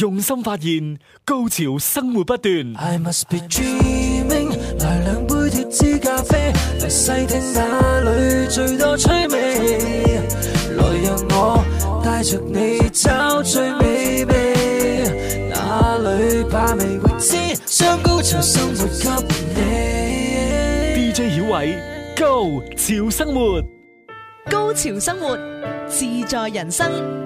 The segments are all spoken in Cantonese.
用心發現高潮生活不斷。I must be dreaming, 來兩杯脫脂咖啡，嚟細聽哪裏最多趣味。來讓我帶着你找最美味，哪裏把味會知？將高潮生活給你。DJ 小偉，高潮生活，高潮生活自在人生。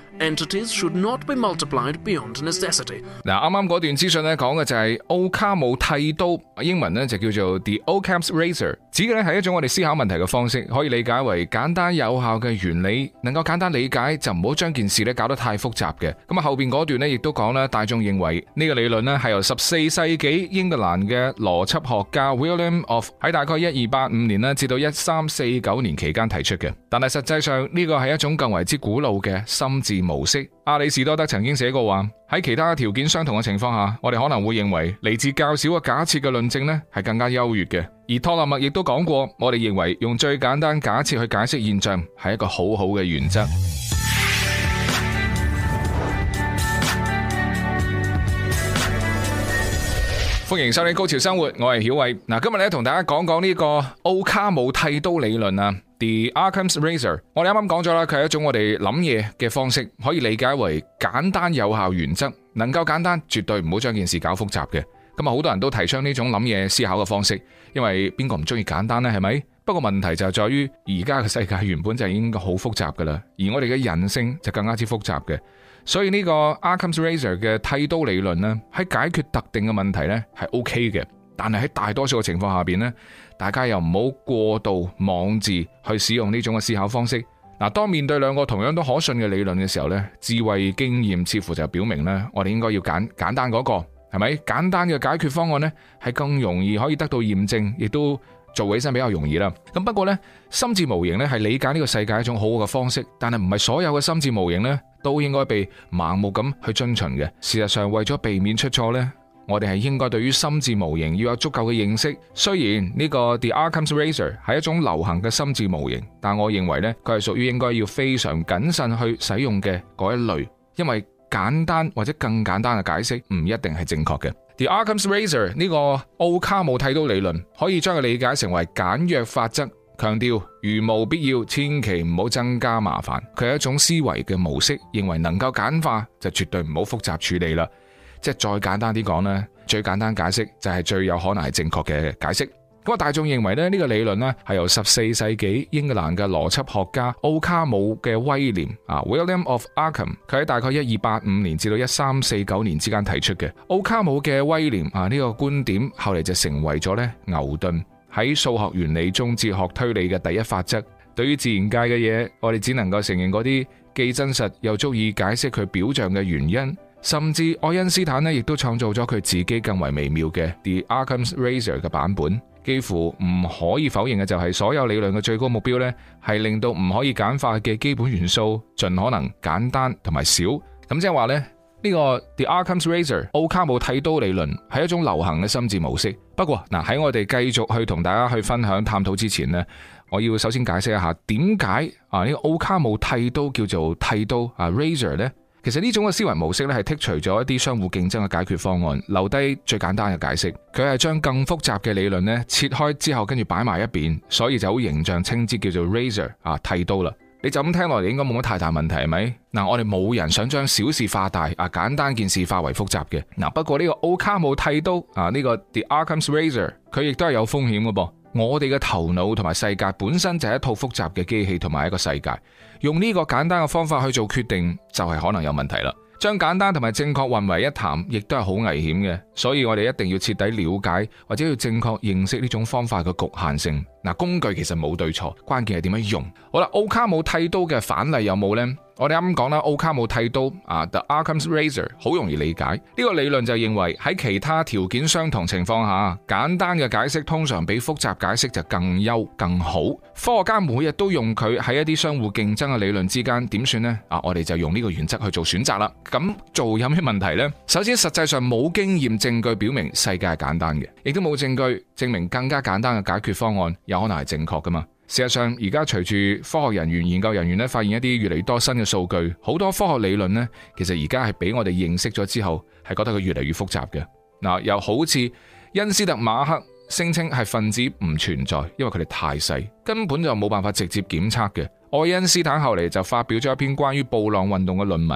Entities should not be multiplied beyond necessity 剛剛、就是。嗱，啱啱嗰段資訊呢，講嘅就係奧卡姆剃刀，英文呢，就叫做 The Occam's Razor，指嘅呢係一種我哋思考問題嘅方式，可以理解為簡單有效嘅原理，能夠簡單理解就唔好將件事呢搞得太複雜嘅。咁啊，後邊嗰段呢，亦都講啦。大眾認為呢、呢個理論呢，係由十四世紀英格蘭嘅邏輯學家 William of 喺大概一二八五年呢至到一三四九年期間提出嘅。但係實際上呢個係一種更為之古老嘅心智模式。阿里士多德曾經寫過話，喺其他條件相同嘅情況下，我哋可能會認為嚟自較少嘅假設嘅論證咧係更加優越嘅。而托勒密亦都講過，我哋認為用最簡單假設去解釋現象係一個好好嘅原則。歡迎收睇《高潮生活》，我係曉偉。嗱，今日咧同大家講講呢個奧卡姆剃刀理論啊。The Occam's Razor，我哋啱啱講咗啦，佢係一種我哋諗嘢嘅方式，可以理解為簡單有效原則，能夠簡單絕對唔好將件事搞複雜嘅。咁啊，好多人都提倡呢種諗嘢思考嘅方式，因為邊個唔中意簡單呢？係咪？不過問題就在於而家嘅世界原本就已經好複雜噶啦，而我哋嘅人性就更加之複雜嘅。所以呢個 Occam's Razor 嘅剃刀理論呢，喺解決特定嘅問題呢，係 O K 嘅。但係喺大多數嘅情況下邊咧，大家又唔好過度妄自去使用呢種嘅思考方式。嗱，當面對兩個同樣都可信嘅理論嘅時候咧，智慧經驗似乎就表明呢，我哋應該要揀簡單嗰個，係咪？簡單嘅、那個、解決方案呢？係更容易可以得到驗證，亦都做起身比較容易啦。咁不過咧，心智模型咧係理解呢個世界一種好嘅方式，但係唔係所有嘅心智模型呢，都應該被盲目咁去遵循嘅。事實上，為咗避免出錯呢。我哋係應該對於心智模型要有足夠嘅認識。雖然呢個 The Occam's razor 係一種流行嘅心智模型，但我認為咧，佢係屬於應該要非常謹慎去使用嘅嗰一類，因為簡單或者更簡單嘅解釋唔一定係正確嘅。The Occam's razor 呢個奧卡姆剃刀理論可以將佢理解成為簡約法則，強調如無必要，千祈唔好增加麻煩。佢係一種思維嘅模式，認為能夠簡化就絕對唔好複雜處理啦。即係再簡單啲講咧，最簡單解釋就係最有可能係正確嘅解釋。不過，大眾認為咧呢個理論咧係由十四世紀英格蘭嘅邏輯學家奧卡姆嘅威廉啊 William of Occam，佢喺大概一二八五年至到一三四九年之間提出嘅。奧卡姆嘅威廉啊呢個觀點後嚟就成為咗咧牛頓喺數學原理中哲學推理嘅第一法則。對於自然界嘅嘢，我哋只能夠承認嗰啲既真實又足以解釋佢表象嘅原因。甚至愛因斯坦咧，亦都創造咗佢自己更為微妙嘅 The Occam's Razor 嘅版本。幾乎唔可以否認嘅就係所有理論嘅最高目標呢，係令到唔可以簡化嘅基本元素盡可能簡單同埋少。咁即係話呢，呢個 The Occam's Razor 奧卡姆剃刀理論係一種流行嘅心智模式。不過嗱，喺我哋繼續去同大家去分享探討之前呢，我要首先解釋一下點解啊呢個奧卡姆剃刀叫做剃刀啊 Razor 咧。Raz 其實呢種嘅思維模式咧，係剔除咗一啲相互競爭嘅解決方案，留低最簡單嘅解釋。佢係將更複雜嘅理論咧，切開之後，跟住擺埋一邊，所以就好形象稱之叫做 razor 啊，剃刀啦。你就咁聽落嚟，應該冇乜太大問題係咪？嗱，啊，我哋冇人想將小事化大啊，簡單件事化為複雜嘅。嗱，啊，不過呢個奧卡姆剃刀啊，呢個 the Occam's razor，佢亦都係有風險嘅噃。我哋嘅頭腦同埋世界本身就係一套複雜嘅機器同埋一個世界，用呢個簡單嘅方法去做決定就係可能有問題啦。將簡單同埋正確混為一談，亦都係好危險嘅。所以我哋一定要徹底了解或者要正確認識呢種方法嘅局限性。嗱，工具其實冇對錯，關鍵係點樣用。好啦，奧卡姆剃刀嘅反例有冇呢？我哋啱講啦，奧卡姆剃刀啊，the Occam's Razor，好容易理解。呢個理論就認為喺其他條件相同情況下，簡單嘅解釋通常比複雜解釋就更優更好。科學家每日都用佢喺一啲相互競爭嘅理論之間點算呢？啊，我哋就用呢個原則去做選擇啦。咁做有咩問題呢？首先，實際上冇經驗證據表明世界係簡單嘅，亦都冇證據證明更加簡單嘅解決方案有可能係正確噶嘛。事實上，而家隨住科學人員、研究人員咧，發現一啲越嚟越多新嘅數據，好多科學理論咧，其實而家係俾我哋認識咗之後，係覺得佢越嚟越複雜嘅。嗱，又好似恩斯特馬克聲稱係分子唔存在，因為佢哋太細，根本就冇辦法直接檢測嘅。愛因斯坦後嚟就發表咗一篇關於布朗運動嘅論文，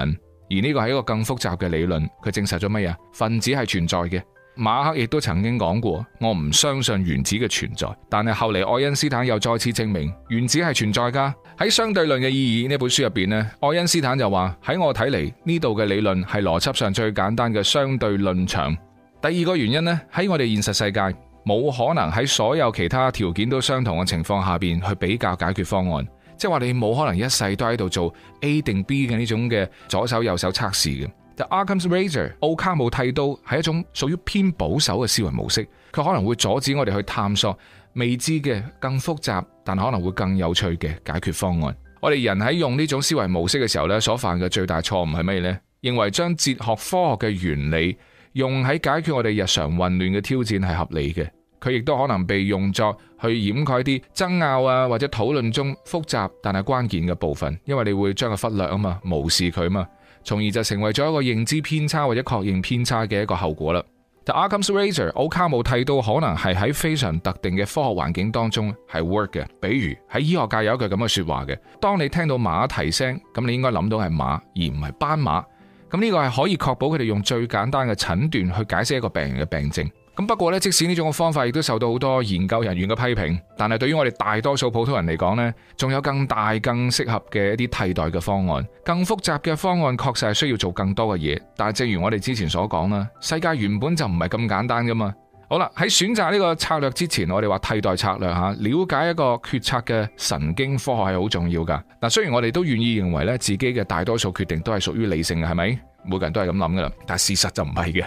而呢個係一個更複雜嘅理論。佢證實咗乜嘢？分子係存在嘅。馬克亦都曾經講過，我唔相信原子嘅存在，但係後嚟愛因斯坦又再次證明原子係存在噶。喺相對論嘅意義呢本書入邊呢，愛因斯坦就話喺我睇嚟，呢度嘅理論係邏輯上最簡單嘅相對論場。第二個原因呢，喺我哋現實世界冇可能喺所有其他條件都相同嘅情況下邊去比較解決方案，即係話你冇可能一世都喺度做 A 定 B 嘅呢種嘅左手右手測試嘅。The Occam’s razor 奧卡姆剃刀係一種屬於偏保守嘅思維模式，佢可能會阻止我哋去探索未知嘅更複雜，但可能會更有趣嘅解決方案。我哋人喺用呢種思維模式嘅時候咧，所犯嘅最大錯誤係咩呢？認為將哲學、科學嘅原理用喺解決我哋日常混亂嘅挑戰係合理嘅，佢亦都可能被用作去掩蓋啲爭拗啊，或者討論中複雜但係關鍵嘅部分，因為你會將佢忽略啊嘛，無視佢嘛。從而就成為咗一個認知偏差或者確認偏差嘅一個後果啦。The Occam's razor 奧卡姆提到，可能係喺非常特定嘅科學環境當中係 work 嘅，比如喺醫學界有一句咁嘅說話嘅，當你聽到馬蹄聲，咁你應該諗到係馬而唔係斑馬，咁呢個係可以確保佢哋用最簡單嘅診斷去解釋一個病人嘅病症。咁不過咧，即使呢種嘅方法，亦都受到好多研究人員嘅批評。但係對於我哋大多數普通人嚟講呢，仲有更大、更適合嘅一啲替代嘅方案，更複雜嘅方案確實係需要做更多嘅嘢。但係正如我哋之前所講啦，世界原本就唔係咁簡單噶嘛。好啦，喺選擇呢個策略之前，我哋話替代策略吓，了解一個決策嘅神經科學係好重要噶。嗱，雖然我哋都願意認為呢自己嘅大多數決定都係屬於理性嘅，係咪？每個人都係咁諗噶啦，但係事實就唔係嘅。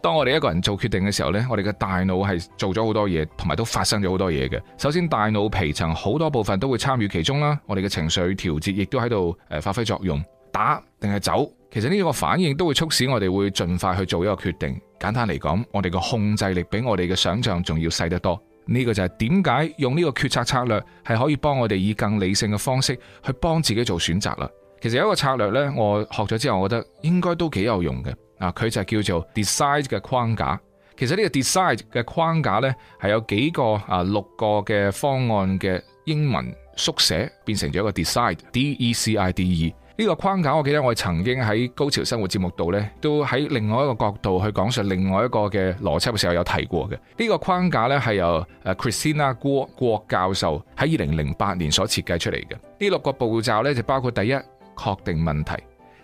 當我哋一個人做決定嘅時候呢，我哋嘅大腦係做咗好多嘢，同埋都發生咗好多嘢嘅。首先，大腦皮層好多部分都會參與其中啦。我哋嘅情緒調節亦都喺度誒發揮作用。打定係走，其實呢個反應都會促使我哋會盡快去做一個決定。簡單嚟講，我哋嘅控制力比我哋嘅想象仲要細得多。呢個就係點解用呢個決策策略係可以幫我哋以更理性嘅方式去幫自己做選擇啦。其實有一個策略呢，我學咗之後，我覺得應該都幾有用嘅。啊！佢就叫做 decide 嘅框架。其實呢個 decide 嘅框架呢，係有幾個啊六個嘅方案嘅英文縮寫，變成咗一個 decide，d e c i d e。呢個框架我記得我曾經喺《高潮生活》節目度呢，都喺另外一個角度去講述另外一個嘅邏輯嘅時候有提過嘅。呢個框架呢，係由 Christina 郭郭教授喺二零零八年所設計出嚟嘅。呢六個步驟呢，就包括第一，確定問題；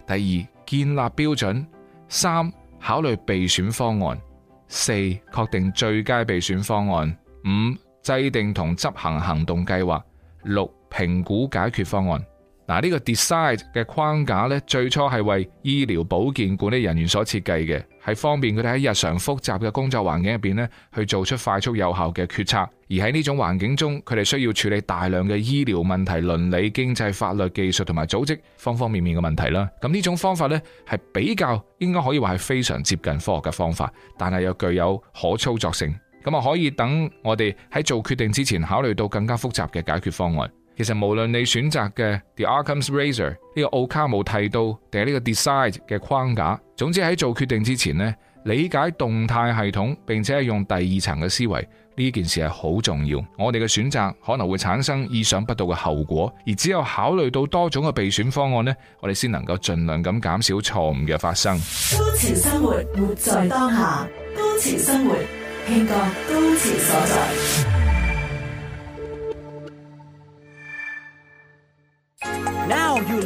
第二，建立標準。三，考慮備選方案，四，確定最佳備選方案，五，制定同執行行動計劃，六，評估解決方案。嗱，呢個 decide 嘅框架咧，最初係為醫療保健管理人員所設計嘅，係方便佢哋喺日常複雜嘅工作環境入邊咧，去做出快速有效嘅決策。而喺呢種環境中，佢哋需要處理大量嘅醫療問題、倫理、經濟、法律、技術同埋組織方方面面嘅問題啦。咁呢種方法呢，係比較應該可以話係非常接近科學嘅方法，但係又具有可操作性。咁啊，可以等我哋喺做決定之前，考慮到更加複雜嘅解決方案。其實無論你選擇嘅 The Occam's Razor 呢個奧卡姆剃刀，定係呢個 Decide 嘅框架，總之喺做決定之前呢，理解動態系統，並且係用第二層嘅思維。呢件事係好重要，我哋嘅選擇可能會產生意想不到嘅後果，而只有考慮到多種嘅備選方案呢，我哋先能夠儘量咁減少錯誤嘅發生。Go 潮生活，活在當下；Go 潮生活，慶祝 Go 潮所在。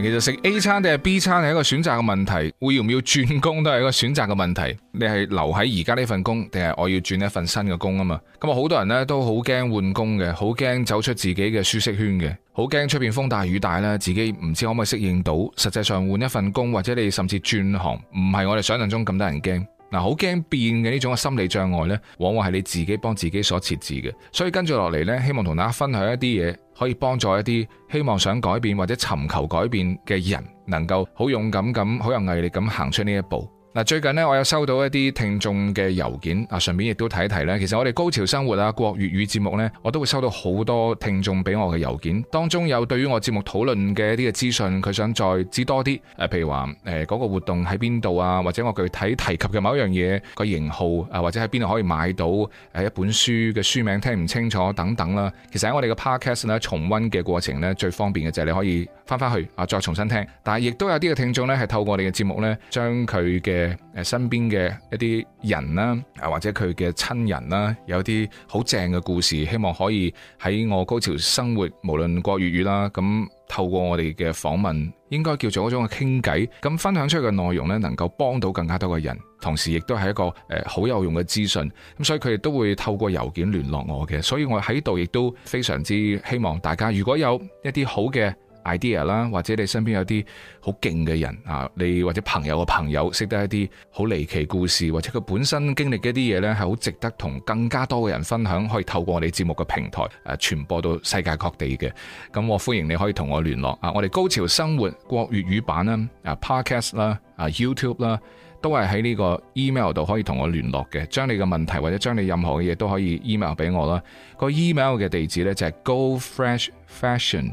其實食 A 餐定係 B 餐係一個選擇嘅問題，會唔會要轉工都係一個選擇嘅問題。你係留喺而家呢份工，定係我要轉一份新嘅工啊？嘛，咁啊，好多人呢都好驚換工嘅，好驚走出自己嘅舒適圈嘅，好驚出邊風大雨大咧，自己唔知可唔可以適應到。實際上換一份工，或者你甚至轉行，唔係我哋想象中咁多人驚。嗱，好驚變嘅呢種嘅心理障礙咧，往往係你自己幫自己所設置嘅。所以跟住落嚟咧，希望同大家分享一啲嘢，可以幫助一啲希望想改變或者尋求改變嘅人，能夠好勇敢咁，好有毅力咁行出呢一步。嗱，最近咧，我有收到一啲聽眾嘅郵件，啊，順便亦都睇一睇咧。其實我哋《Go 潮生活》啊，《國粵語節目》咧，我都會收到好多聽眾俾我嘅郵件，當中有對於我節目討論嘅一啲嘅資訊，佢想再知多啲。譬如話誒嗰個活動喺邊度啊，或者我具體提及嘅某一樣嘢個型號啊，或者喺邊度可以買到誒一本書嘅書名聽唔清楚等等啦。其實喺我哋嘅 podcast 呢，重溫嘅過程呢，最方便嘅就係你可以翻翻去啊，再重新聽。但係亦都有啲嘅聽眾呢，係透過我哋嘅節目呢，將佢嘅。誒，身邊嘅一啲人啦，啊或者佢嘅親人啦，有啲好正嘅故事，希望可以喺我 Go 潮生活，無論講粵語啦，咁透過我哋嘅訪問，應該叫做嗰種嘅傾偈，咁分享出去嘅內容呢，能夠幫到更加多嘅人，同時亦都係一個誒好有用嘅資訊，咁所以佢哋都會透過郵件聯絡我嘅，所以我喺度亦都非常之希望大家，如果有一啲好嘅。idea 啦，或者你身邊有啲好勁嘅人啊，你或者朋友嘅朋友識得一啲好離奇故事，或者佢本身經歷嘅一啲嘢呢係好值得同更加多嘅人分享，可以透過我哋節目嘅平台誒傳播到世界各地嘅。咁我歡迎你可以同我聯絡啊！我哋高潮生活國粵語版啦，啊，podcast 啦，啊，YouTube 啦，都係喺呢個 email 度可以同我聯絡嘅。將你嘅問題或者將你任何嘅嘢都可以 email 俾我啦。個 email 嘅地址呢，就係 Go Fresh Fashion。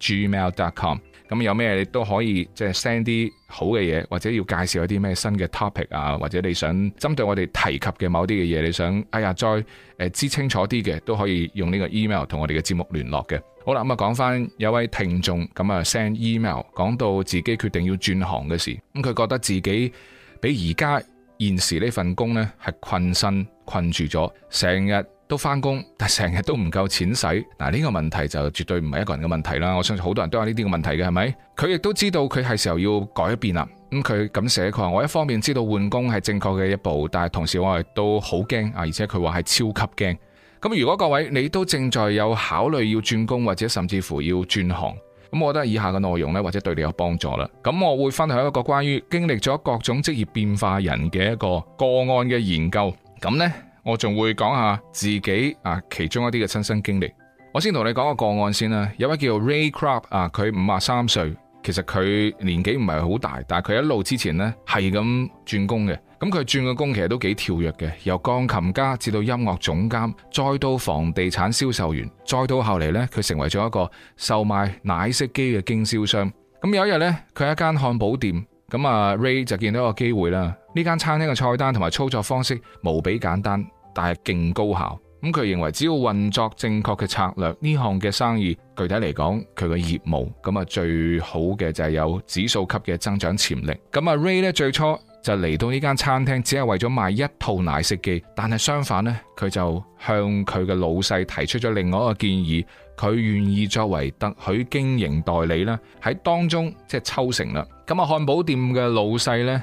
gmail.com 咁有咩你都可以即係 send 啲好嘅嘢，或者要介紹一啲咩新嘅 topic 啊，或者你想針對我哋提及嘅某啲嘅嘢，你想哎呀再誒、呃、知清楚啲嘅，都可以用呢個 email 同我哋嘅節目聯絡嘅。好啦，咁啊講翻有位聽眾咁啊 send email 講到自己決定要轉行嘅事，咁佢覺得自己比而家現時呢份工呢係困身困住咗，成日。都翻工，但成日都唔夠錢使嗱，呢個問題就絕對唔係一個人嘅問題啦。我相信好多人都有呢啲嘅問題嘅，係咪？佢亦都知道佢係時候要改變啦。咁佢咁寫，佢話我一方面知道換工係正確嘅一步，但係同時我亦都好驚啊，而且佢話係超級驚。咁如果各位你都正在有考慮要轉工或者甚至乎要轉行，咁我覺得以下嘅內容呢，或者對你有幫助啦。咁我會分享一個關於經歷咗各種職業變化人嘅一個個案嘅研究，咁呢。我仲會講下自己啊，其中一啲嘅親身經歷。我先同你講個個案先啦。有位叫 Ray Kroc 啊，佢五啊三歲，其實佢年紀唔係好大，但係佢一路之前呢係咁轉工嘅。咁佢轉嘅工其實都幾跳躍嘅，由鋼琴家至到音樂總監，再到房地產銷售員，再到後嚟呢，佢成為咗一個售賣奶昔機嘅經銷商。咁有一日呢，佢喺一間漢堡店，咁啊 Ray 就見到個機會啦。呢間餐廳嘅菜單同埋操作方式無比簡單，但係勁高效。咁、嗯、佢認為只要運作正確嘅策略，呢項嘅生意具體嚟講，佢嘅業務咁啊最好嘅就係有指數級嘅增長潛力。咁、嗯、啊 Ray 咧，最初就嚟到呢間餐廳，只係為咗賣一套奶昔機，但係相反咧，佢就向佢嘅老細提出咗另外一個建議，佢願意作為特許經營代理啦，喺當中即係、就是、抽成啦。咁啊漢堡店嘅老細呢。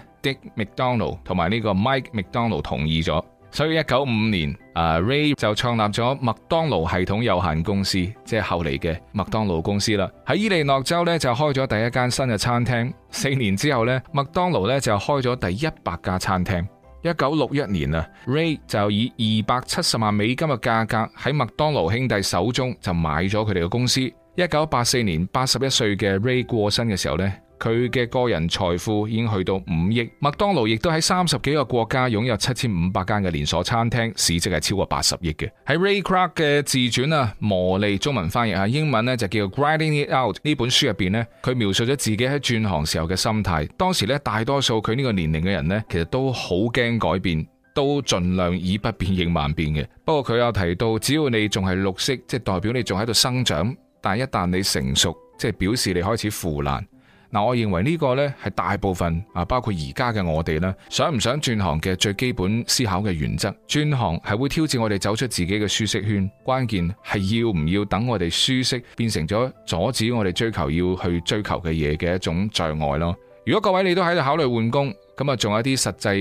麥當勞同埋呢個 Mike 麥當勞同意咗，所以一九五年啊 Ray 就創立咗麥當勞系統有限公司，即係後嚟嘅麥當勞公司啦。喺伊利諾州咧就開咗第一間新嘅餐廳。四年之後咧，麥當勞咧就開咗第一百家餐廳。一九六一年啊，Ray 就以二百七十萬美金嘅價格喺麥當勞兄弟手中就買咗佢哋嘅公司。一九八四年，八十一歲嘅 Ray 過身嘅時候咧。佢嘅個人財富已經去到五億，麥當勞亦都喺三十幾個國家擁有七千五百間嘅連鎖餐廳，市值係超過八十億嘅。喺 Ray Kroc 嘅自傳啊，磨利中文翻譯啊，英文呢，就叫做 Grinding It Out 呢本書入邊呢，佢描述咗自己喺轉行時候嘅心態。當時呢，大多數佢呢個年齡嘅人呢，其實都好驚改變，都盡量以不變應萬變嘅。不過佢有提到，只要你仲係綠色，即係代表你仲喺度生長，但係一旦你成熟，即係表示你開始腐爛。嗱，我認為呢個咧係大部分啊，包括而家嘅我哋啦，想唔想轉行嘅最基本思考嘅原則。轉行係會挑戰我哋走出自己嘅舒適圈，關鍵係要唔要等我哋舒適變成咗阻止我哋追求要去追求嘅嘢嘅一種障礙咯。如果各位你都喺度考慮換工，咁啊，仲有一啲實際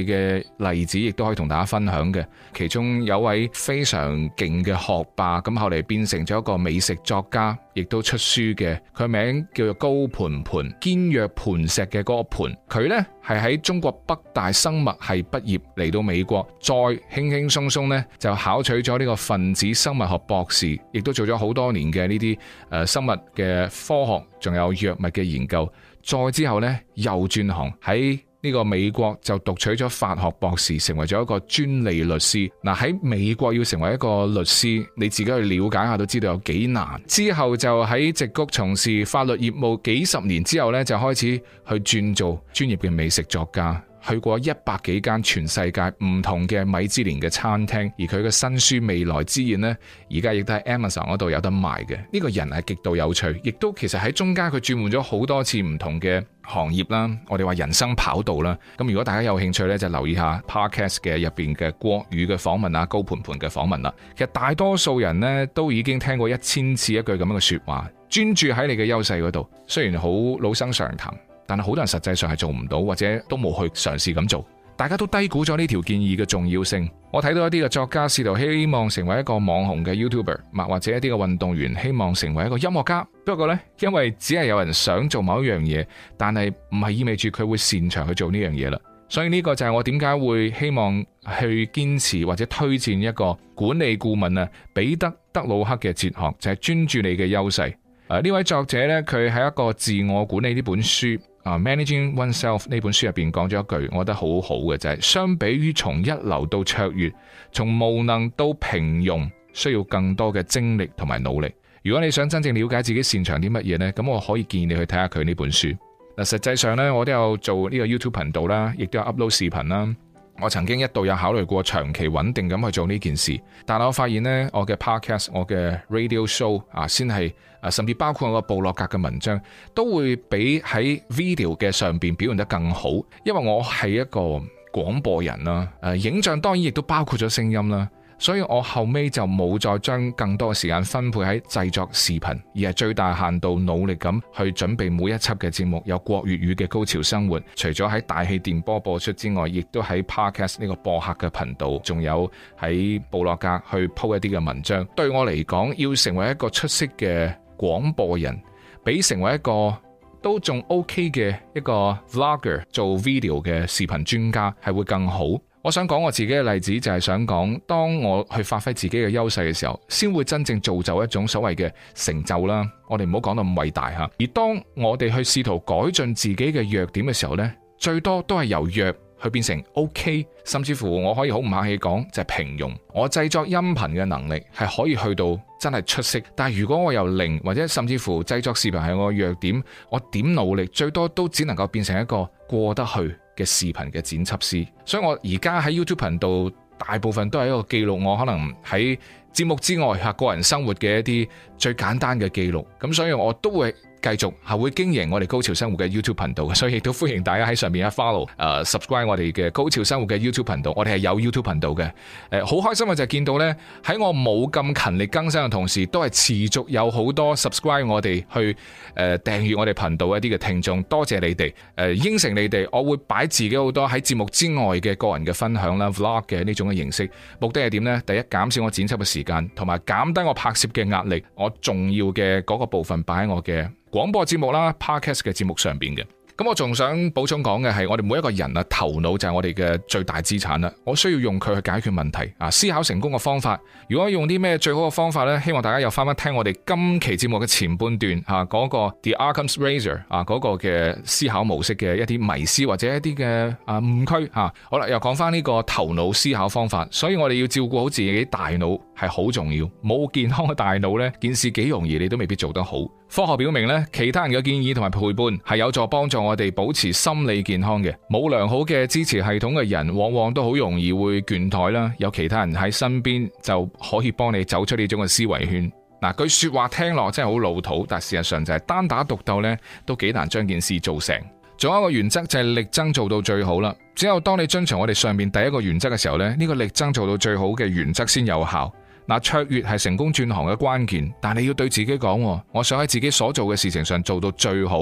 嘅例子，亦都可以同大家分享嘅。其中有位非常勁嘅學霸，咁後嚟變成咗一個美食作家，亦都出書嘅。佢名叫做高盤盤，堅若盤石嘅嗰個盤。佢咧係喺中國北大生物系畢業，嚟到美國，再輕輕鬆鬆咧就考取咗呢個分子生物學博士，亦都做咗好多年嘅呢啲誒生物嘅科學，仲有藥物嘅研究。再之後咧，又轉行喺。呢個美國就讀取咗法學博士，成為咗一個專利律師。嗱、啊、喺美國要成為一個律師，你自己去了解下都知道有幾難。之後就喺矽谷從事法律業務幾十年之後呢就開始去轉做專業嘅美食作家。去過一百幾間全世界唔同嘅米芝蓮嘅餐廳，而佢嘅新書《未來之宴》呢，而家亦都喺 Amazon 嗰度有得賣嘅。呢個人係極度有趣，亦都其實喺中間佢轉換咗好多次唔同嘅行業啦。我哋話人生跑道啦，咁如果大家有興趣呢，就留意下 Podcast 嘅入邊嘅國語嘅訪問啊，高盤盤嘅訪問啦。其實大多數人呢，都已經聽過一千次一句咁樣嘅說話：專注喺你嘅優勢嗰度，雖然好老生常談。但係好多人實際上係做唔到，或者都冇去嘗試咁做。大家都低估咗呢條建議嘅重要性。我睇到一啲嘅作家試圖希望成為一個網紅嘅 YouTuber，或者一啲嘅運動員希望成為一個音樂家。不過呢，因為只係有人想做某一樣嘢，但係唔係意味住佢會擅長去做呢樣嘢啦。所以呢個就係我點解會希望去堅持或者推薦一個管理顧問啊，彼得德，德魯克嘅哲學就係、是、專注你嘅優勢。誒、呃，呢位作者呢，佢係一個自我管理呢本書。Uh, Managing Oneself 呢本書入邊講咗一句，我覺得好好嘅就係，相比於從一流到卓越，從無能到平庸，需要更多嘅精力同埋努力。如果你想真正了解自己擅長啲乜嘢呢，咁我可以建議你去睇下佢呢本書。嗱，實際上呢，我都有做呢個 YouTube 頻道啦，亦都有 upload 視頻啦。我曾經一度有考慮過長期穩定咁去做呢件事，但係我發現呢，我嘅 podcast、我嘅 radio show 啊，先係啊，甚至包括我個部落格嘅文章，都會比喺 video 嘅上邊表現得更好，因為我係一個廣播人啦，誒、啊、影像當然亦都包括咗聲音啦。所以我後尾就冇再將更多時間分配喺製作視頻，而係最大限度努力咁去準備每一輯嘅節目。有國粵語嘅 Go 潮生活，除咗喺大氣電波播出之外，亦都喺 Podcast 呢個播客嘅頻道，仲有喺部落格去鋪一啲嘅文章。對我嚟講，要成為一個出色嘅廣播人，比成為一個都仲 OK 嘅一個 Vlogger 做 video 嘅視頻專家係會更好。我想講我自己嘅例子，就係想講，當我去發揮自己嘅優勢嘅時候，先會真正造就一種所謂嘅成就啦。我哋唔好講到咁偉大吓。而當我哋去試圖改進自己嘅弱點嘅時候呢，最多都係由弱去變成 OK，甚至乎我可以好唔客氣講，就係平庸。我製作音頻嘅能力係可以去到真係出色，但係如果我由零或者甚至乎製作視頻係我嘅弱點，我點努力最多都只能夠變成一個過得去嘅視頻嘅剪輯師，所以我而家喺 YouTube 頻道大部分都係一個記錄，我可能喺節目之外，嚇個人生活嘅一啲最簡單嘅記錄，咁所以我都會。繼續係會經營我哋 Go 潮生活嘅 YouTube 頻道，所以亦都歡迎大家喺上面一 follow 誒、呃、subscribe 我哋嘅 Go 潮生活嘅 YouTube 頻道。我哋係有 YouTube 頻道嘅，誒、呃、好開心嘅就係見到呢，喺我冇咁勤力更新嘅同時，都係持續有好多 subscribe 我哋去誒、呃、訂閱我哋頻道一啲嘅聽眾，多謝你哋誒、呃、應承你哋，我會擺自己好多喺節目之外嘅個人嘅分享啦 Vlog 嘅呢種嘅形式，目的係點呢？第一減少我剪輯嘅時間，同埋減低我拍攝嘅壓力。我重要嘅嗰個部分擺喺我嘅。廣播節目啦，Podcast 嘅節目上邊嘅，咁我仲想補充講嘅係，我哋每一個人啊，頭腦就係我哋嘅最大資產啦。我需要用佢去解決問題啊，思考成功嘅方法。如果用啲咩最好嘅方法呢？希望大家又翻翻聽我哋今期節目嘅前半段啊，嗰個 The Occam's Razor 啊，嗰個嘅思考模式嘅一啲迷思或者一啲嘅啊誤區啊。好啦，又講翻呢個頭腦思考方法，所以我哋要照顧好自己啲大腦係好重要。冇健康嘅大腦呢，件事幾容易，你都未必做得好。科學表明咧，其他人嘅建議同埋陪伴係有助幫助我哋保持心理健康嘅。冇良好嘅支持系統嘅人，往往都好容易會倦怠啦。有其他人喺身邊就可以幫你走出呢種嘅思維圈。嗱，句說話聽落真係好老土，但事實上就係單打獨鬥呢，都幾難將件事做成。仲有一個原則就係力爭做到最好啦。只有當你遵從我哋上面第一個原則嘅時候呢，呢個力爭做到最好嘅原則先有效。嗱，卓越係成功轉行嘅關鍵，但你要對自己講，我想喺自己所做嘅事情上做到最好。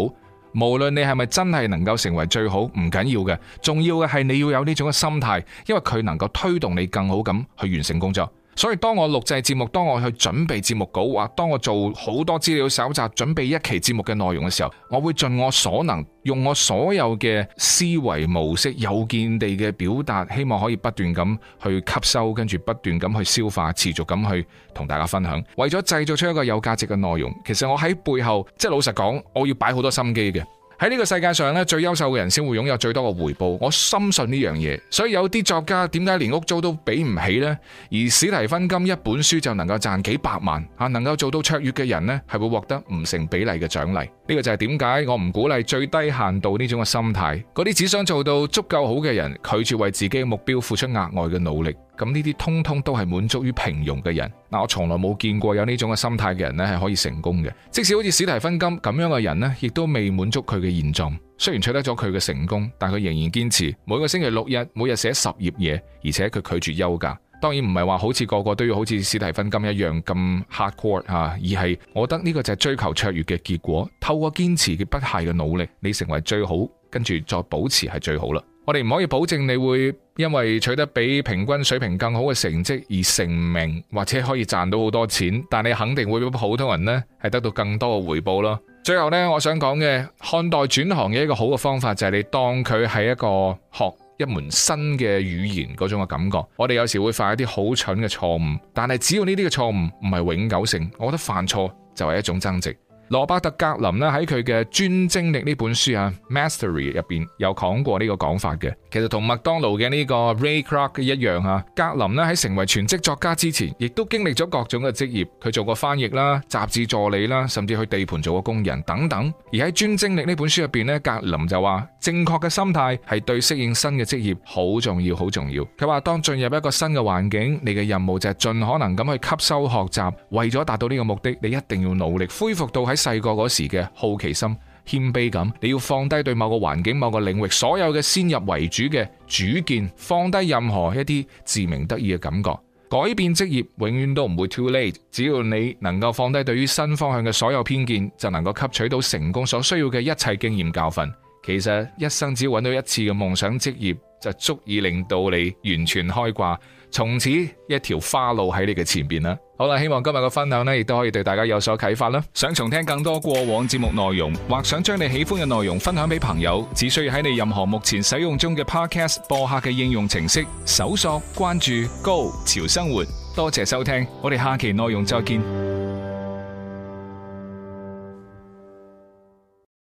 無論你係咪真係能夠成為最好，唔緊要嘅，重要嘅係你要有呢種嘅心態，因為佢能夠推動你更好咁去完成工作。所以，當我錄製節目，當我去準備節目稿，或當我做好多資料搜集、準備一期節目嘅內容嘅時候，我會盡我所能，用我所有嘅思維模式，有見地嘅表達，希望可以不斷咁去吸收，跟住不斷咁去消化，持續咁去同大家分享，為咗製造出一個有價值嘅內容。其實我喺背後，即係老實講，我要擺好多心機嘅。喺呢個世界上咧，最優秀嘅人先會擁有最多嘅回報。我深信呢樣嘢，所以有啲作家點解連屋租都俾唔起呢？而史提芬金一本書就能夠賺幾百萬啊！能夠做到卓越嘅人咧，係會獲得唔成比例嘅獎勵。呢個就係點解我唔鼓勵最低限度呢種嘅心態。嗰啲只想做到足夠好嘅人，拒絕為自己嘅目標付出額外嘅努力。咁呢啲通通都係滿足於平庸嘅人。嗱，我從來冇見過有呢種嘅心態嘅人咧係可以成功嘅。即使好似史提芬金咁樣嘅人呢，亦都未滿足佢嘅現狀。雖然取得咗佢嘅成功，但佢仍然堅持每個星期六日每日寫十頁嘢，而且佢拒絕休假。當然唔係話好似個個都要好似史提芬金一樣咁 hard core 吓、啊，而係我覺得，呢個就係追求卓越嘅結果。透過堅持嘅不懈嘅努力，你成為最好，跟住再保持係最好啦。我哋唔可以保證你會因為取得比平均水平更好嘅成績而成名，或者可以賺到好多錢，但你肯定會比普通人呢係得到更多嘅回報咯。最後呢，我想講嘅看待轉行嘅一個好嘅方法就係你當佢係一個學一門新嘅語言嗰種嘅感覺，我哋有時會犯一啲好蠢嘅錯誤，但係只要呢啲嘅錯誤唔係永久性，我覺得犯錯就係一種增值。羅伯特格林咧喺佢嘅《專精力》呢本書啊，《Mastery》入邊有講過呢個講法嘅。其實同麥當勞嘅呢個 Ray Kroc 一樣啊，格林咧喺成為全職作家之前，亦都經歷咗各種嘅職業，佢做過翻譯啦、雜誌助理啦，甚至去地盤做過工人等等。而喺《專精力》呢本書入邊咧，格林就話，正確嘅心態係對適應新嘅職業好重要、好重要。佢話，當進入一個新嘅環境，你嘅任務就係盡可能咁去吸收學習，為咗達到呢個目的，你一定要努力恢復到喺細個嗰時嘅好奇心。謙卑感，你要放低對某個環境、某個領域所有嘅先入為主嘅主見，放低任何一啲自鳴得意嘅感覺。改變職業永遠都唔會 too late，只要你能夠放低對於新方向嘅所有偏見，就能夠吸取到成功所需要嘅一切經驗教訓。其實，一生只要揾到一次嘅夢想職業，就足以令到你完全開掛。從此一條花路喺你嘅前邊啦。好啦，希望今日嘅分享呢亦都可以對大家有所啟發啦。想重聽更多過往節目內容，或想將你喜歡嘅內容分享俾朋友，只需要喺你任何目前使用中嘅 Podcast 播客嘅應用程式搜索、關注 Go 潮生活。多謝收聽，我哋下期內容再見。